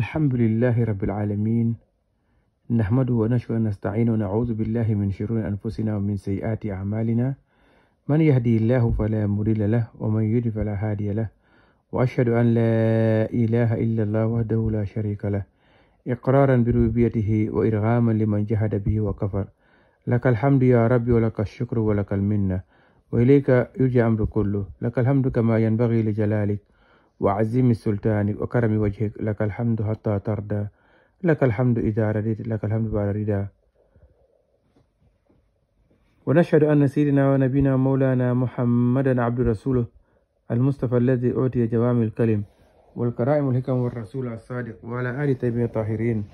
الحمد لله رب العالمين نحمده ونشكر ونستعين ونعوذ بالله من شرور أنفسنا ومن سيئات أعمالنا من يهدي الله فلا مضل له ومن يضلل فلا هادي له وأشهد أن لا إله إلا الله وحده لا شريك له إقرارا بربوبيته وإرغاما لمن جحد به وكفر لك الحمد يا ربي ولك الشكر ولك المنة وإليك يرجع أمر كله لك الحمد كما ينبغي لجلالك وعزيم سلطانك وكرم وجهك لك الحمد حتى ترضى لك الحمد إذا رديت لك الحمد بعد رضا ونشهد أن سيدنا ونبينا مولانا محمدا عبد رسوله المصطفى الذي أعطي جوامع الكلم والكرائم الحكم والرسول الصادق وعلى آل طيبين الطاهرين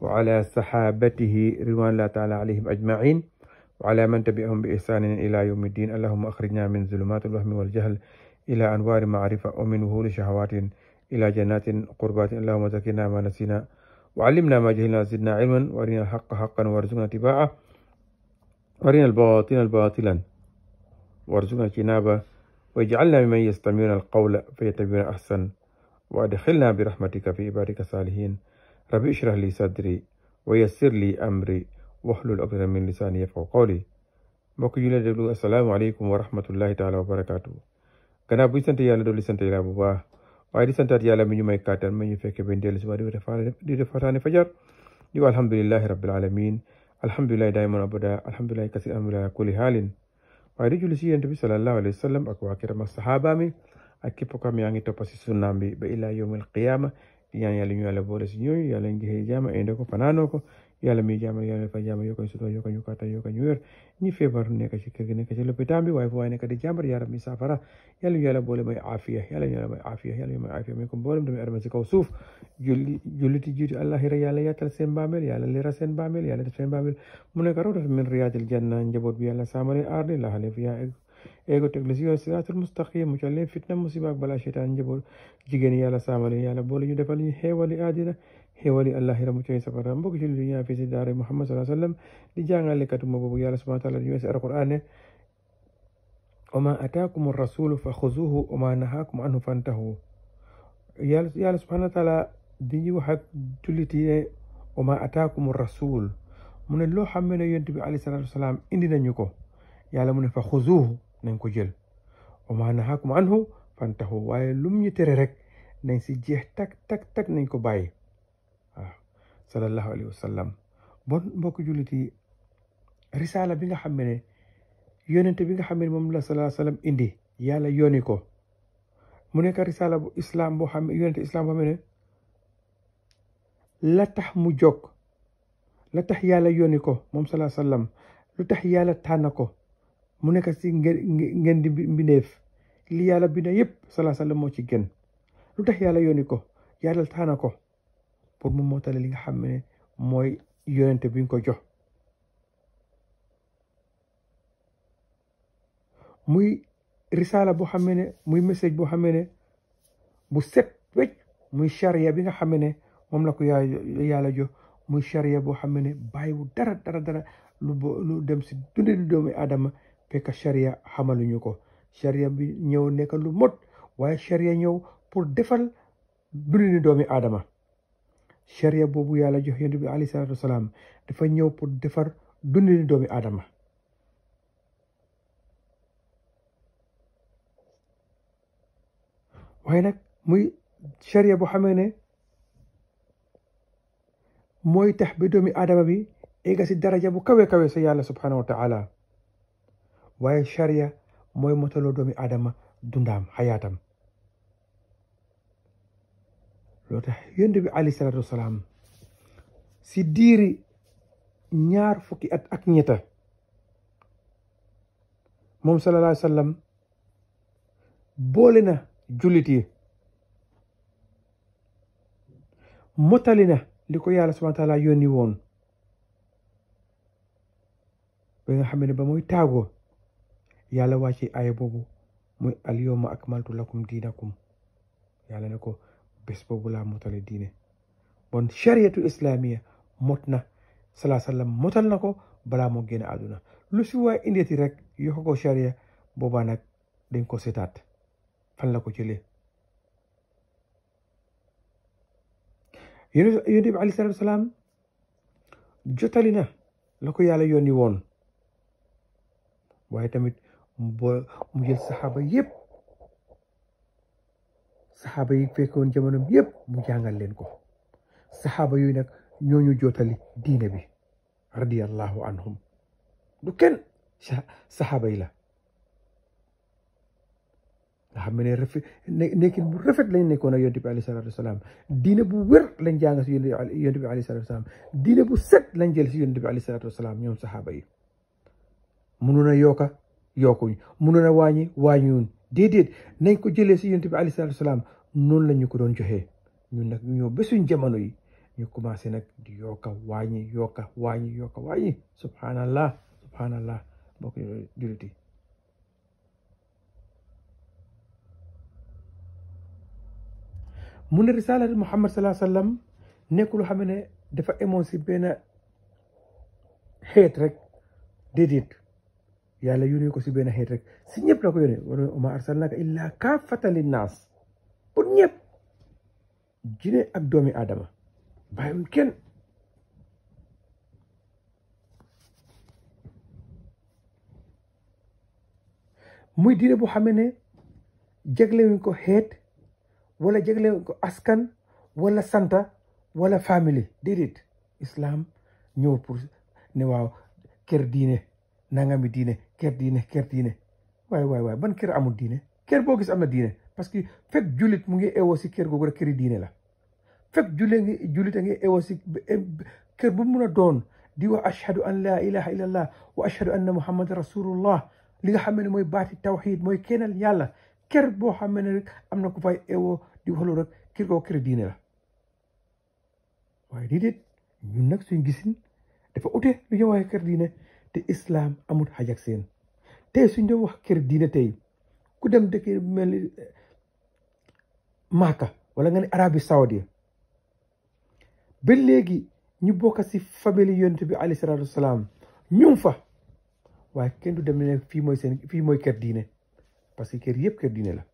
وعلى صحابته رضوان الله تعالى عليهم أجمعين وعلى من تبعهم بإحسان إلى يوم الدين اللهم أخرجنا من ظلمات الوهم والجهل إلى أنوار معرفة ومن وهول شهوات إلى جنات قربات اللهم زكنا ما نسينا وعلمنا ما جهلنا زدنا علما وارنا الحق حقا وارزقنا اتباعه وارنا الباطل باطلا وارزقنا اجتنابه واجعلنا ممن يستمعون القول فيتبعون احسن وادخلنا برحمتك في عبادك الصالحين ربي اشرح لي صدري ويسر لي امري واحلل عقدة من لساني يفقه قولي السلام عليكم ورحمة الله تعالى وبركاته gannaaw bu sante yalla do li sante yàlla bu baax way di sante yàlla mi ñu may katan mi ñu fekke ben delu ci suba di def fataani fajar di wa alhamdulilahi rabbil alamin alhamdulilahi daiman abada alhamdulilahi kaseer amra kulli halin way di julisi yent bi sallallahu alayhi wasallam ak wa kiram ak mi ak kep ko mi yaa ngi toppa si sunnaam bi ba ilaa yowmal qiyaama di ñaan yàlla ñu yàlla boole si ñooñu yàlla ngi xëy jama inde ko fanano ko yàlla mi jàmm yàlla fa jàmm yokkoy sutura yokkoy ñu kàttan yokkoy ñu wér ñi feebar nekk ci kër gi nekk ci lopitaan may aafiya yàlla may aafiya yàlla may aafiya may ko mboolem doomi adama ci kaw julli julliti jiitu àllaaxira yàlla yàttal seen bàmmeel yàlla leeral seen bàmmeel yàlla def seen bàmmeel mu nekk rawdat min riyaadil janna njaboot bi yàlla saamale yaa ego teg la si yoon mu muccal fitna musiba ak balaa seytaan njaboot jigéen yàlla saamale xéewali àllahi ramu coy sabaram mbokk ci lu ñaa fi ci daara muhammad sallallahu salaa wasallam di jangale katu mo bobu yàlla subhanahu wa taala dañu wees alquran ne wama ataakum rasulu fa xuzuhu wama nahakum anhu fantahu yàlla yàlla subhanahu wa taala di ñu wax ak tuliti yi ne wama ataakum rasul mu ne loo xam ne yonent bi alayhi salatu wasalaam indi nañu ko yàlla mu ne fa xuzuhu nañ ko jël wama nahakum anhu fantahu waaye lum ñu tere rek nañ ci jeex tak tak tak nañ ko bàyyi sallallahu alayhi wa sallam bon mbokk juliti yi risaala bi nga xam ne yonente bi nga xam ne moom la sallallahu alayhi indi yàlla yónni ko mu nekk risaala bu islam boo xam ne boo xam la tax mu jóg la tax yàlla yónni ko moom sallallahu alayhi sallam lu tax yàlla tànn ko mu nekk si ngeen di mbindeef li yàlla bind yëpp sallallahu alayhi moo ci gën lu tax yàlla yónni ko yàlla tànn ko pour mu mootale li nga xam ne mooy yonente bi ñu jox muy risaala boo xam ne muy message boo xam ne bu set wecc muy charia bi nga xam ne moom la ko yaa yàlla jox muy charia boo xam ne bàyyiwu dara dara dara lu lu dem si dunde du doomi aadama fekk charia xamaluñu ko charia bi ñëw nekk lu mot waaye charia ñëw pour defal dundu doomi aadama charia boobu yàlla jox yonent bi alayhi salaatu wasalaam dafa ñëw pour defar dundin doomi aadama waaye nag muy charia boo xamee ne mooy tax bi doomi aadama bi egga si daraja bu kawe kawe sa yàlla subhanahu wa taala waaye charia mooy motaloo doomi aadama dundaam xayaatam loo tax bi alayhi salaatu wasalaam si diiri ñaar fukki at ak ñetta moom sallallahu alayhi wa sallam boole na jullit yi motali na li ko yàlla subhaana taala yónni woon ba nga xam ne ba muy taagoo yàlla wàcce aaya boobu muy al yawma akmaltu lakum diinakum yàlla ne ko bés boobu laa motale diine bon chariatu islamiya mot na salaa na ko balaa moo génn lu si waay indeeti rek yokk ko charia boobaa nag dañ ko setaat fan la ko jëlee yonent bi aleyhi salaatu wasalaam jotali na la ko yàlla yónni woon waaye tamit mu jël saxaaba yépp saxaaba yi fekkoon jamonoom yëpp mu jàngal leen ko saxaaba yooyu nag ñooñu jootali diine bi radiyallahu anhum du kenn saxaaba yi la nga xam ne rafet nekkin bu rafet lañ nekkoon ak yonent bi alayhi salaatu wasalaam diine bu wér lañ jàng si yonent bi alayhi salaatu set lañ jël si yonent bi alayhi salaatu wasalaam ñoom saxaaba yi mënoon a yokka yokkuñ mënoon déedéet nañ ko jëlee si yonent bi aleyhi salaatu wasalaam noonu lañu ko doon joxe ñun nag ñu ñëw ba suñ jamono yi ñu commencé nag di yokka wàññi yokka wàññi yokka wàññi subhanallah subhanallah mbokk jullit yi mu ne risalati muhammad nekk lu xam ne dafa émoon si benn xeet rek déedéet yàlla yónnee ko si benn xeet rek si ñëpp la ko yónnee wa maa arsalnaaka illaa kaafatan linnaas pour ñëpp jinne ak doomi aadama bàyyiwuñ kenn muy diine boo xam ne jaglewuñ ko xeet wala jaglewuñ ko askan wala santa wala famille déedéet islaam ñëw pour ne waaw kër diine nangami diine kër diine kër diine waay waay waay ban kër amul diine kër boo gis am na diine parce que fekk jullit mu ngi ewoo si kër googu rek këri diine la fekk jullit ngi jullit a ngi eh, kër bu mun a doon di wax ashhadu an la ilaha illallah wa ashhadu anna muhammadan rasulullah li nga xam ne mooy baati tawxid mooy kennal yàlla kër boo xam ne am na ku fay ewoo di wax loolu rek kër googu këri diine la waaye déedéet ñun nag suñ gisin dafa ute lu ñu waxee kër diine te islaam amul xaj seen tey suñ doon wax kër diine tey ku dem dëkk mel ni eh, Maaka wala nga ne Arabie Saoudite ba léegi ñu bokk si famille yonent bi alayhi salaatu salaam ñu fa waaye kenn du dem ne fii mooy seen fii mooy ker diine parce que kër yëpp kër diine la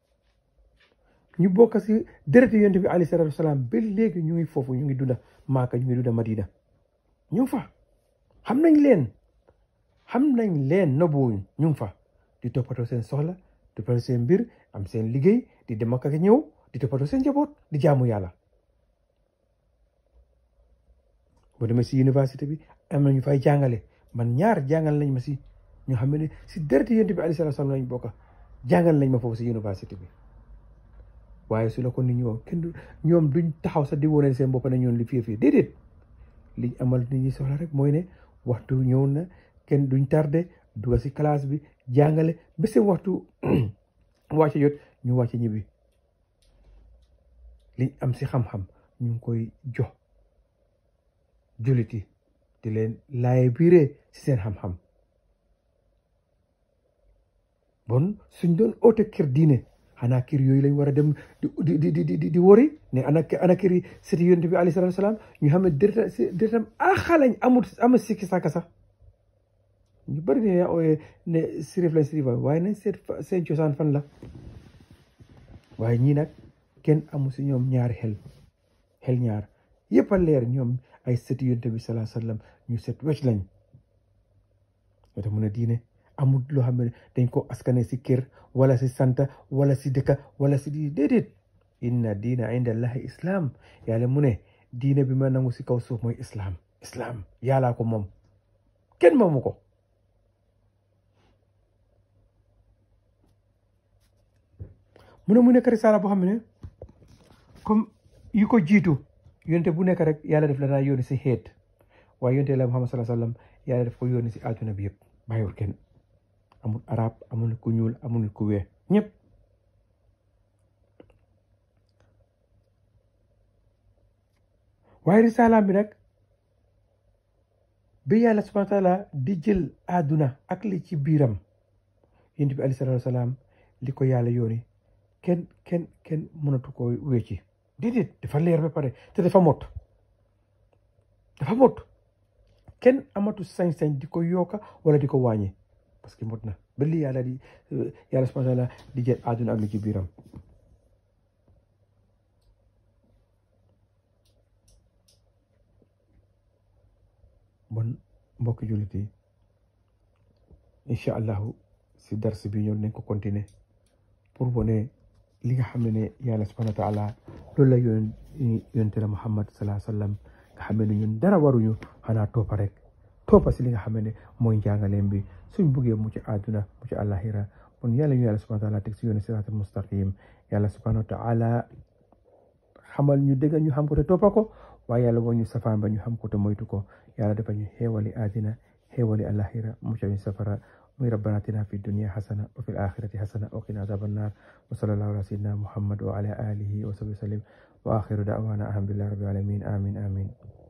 ñu bokk si dereti yonent bi alayhi salaatu salaam ba léegi ñu ngi foofu ñu ngi dunda Maaka ñu ngi dunda Madina ñu fa xam nañ leen. xam nañ leen nëbbuwuñ ñu ngi fa di toppatoo seen soxla di toppatoo seen mbir am seen liggéey di dem ak ñëw di toppatoo seen njaboot di jaamu yàlla. boo demee si université bi am na fay jàngale man ñaar jàngal nañ ma si ñu xam ne si deret yonent bi alayhi bokk jàngal nañ ma foofu si université bi. waaye su la ko ni ñoo kenn ñoom duñ taxaw sa diwoo wone seen bopp ne ñoom li fii fii déedéet liñ amal nit ñi soxla rek mooy ne waxtu ñëw na. kenn duñ tardé dugga si classe bi jàngale ba seen waxtu wàcce jot ñu wàcce ñibbi liñ am si xam-xam ñu ngi koy jox julliti di leen laaye biiree si seen xam-xam bon suñ doon oote kër diine xanaa kër yooyu lañ war a dem di di di di wori ne ana ana kër yi sëti yonent bi alayhi salaam ñu xam ne dërëtam dërëtam axalañ amul amul ñu bëri ne waaye nañ seet seen la waaye ñii nag kenn amu si ñoom ñaari xel ñaar yëpp leer ñoom ay sët bi salaa sallam ñu set wecc lañ moo mu ne diine amul loo xam ne dañ ko askane si kër wala si santa wala si dëkka wala si di déedéet inna diina inda allahi islaam yàlla mu ne diine bi ma nangu si kaw suuf mooy islam islam yàllaa ko moom kenn mu ko mu ne mu nekk risaala boo xam ne comme yu ko jiitu yonte bu nekk rek yàlla def la daa yónni si xeet waaye yonte la Muhammad sallallahu alayhi wa def ko yónni si àdduna bi yëpp bàyyiwul kenn amul arab amul ñuul amul ku weex ñëpp waaye bi nag bi di jël àdduna ak li ci biiram yonent bi alayhi salaatu wa salaam li ko yàlla yónni kenn kenn kenn mënatu ko wecci déedéet dafa leer ba pare te dafa mot dafa mot kenn amatu sañ-sañ di ko yokka wala di ko wàññi parce que mot na ba lii yàlla di euh, yàlla subhanahu di jël àdduna ak li ci biiram bon mbokki jullit yi incha allahu si dars bi ñëw nañ ko continuer pour wone li nga xam ne yàlla subhanahu wa taala loolu la yoon yonte la Muhammad sallallahu alayhi wa xam ne ñun dara waruñu xanaa toppa rek toppa si li nga xam ne mooy njàngaleem bi suñ buggee mu ci àdduna mu ci àllaaxira kon yàlla ñu yàlla subhanahu wa taala teg si yoon siraatal mustaqim yàlla subhanahu wa taala xamal ñu dégg ñu xam ko te toppa ko waaye yàlla woo ñu safaan ba ñu xam ko te moytu ko yàlla dafa ñu xeewali àddina xeewali àllaaxira mu ci safara ربنا اتنا في الدنيا حسنه وفي الاخره حسنه وقنا عذاب النار وصلى الله على سيدنا محمد وعلى اله وصحبه وسلم واخر دعوانا الحمد لله رب العالمين امين امين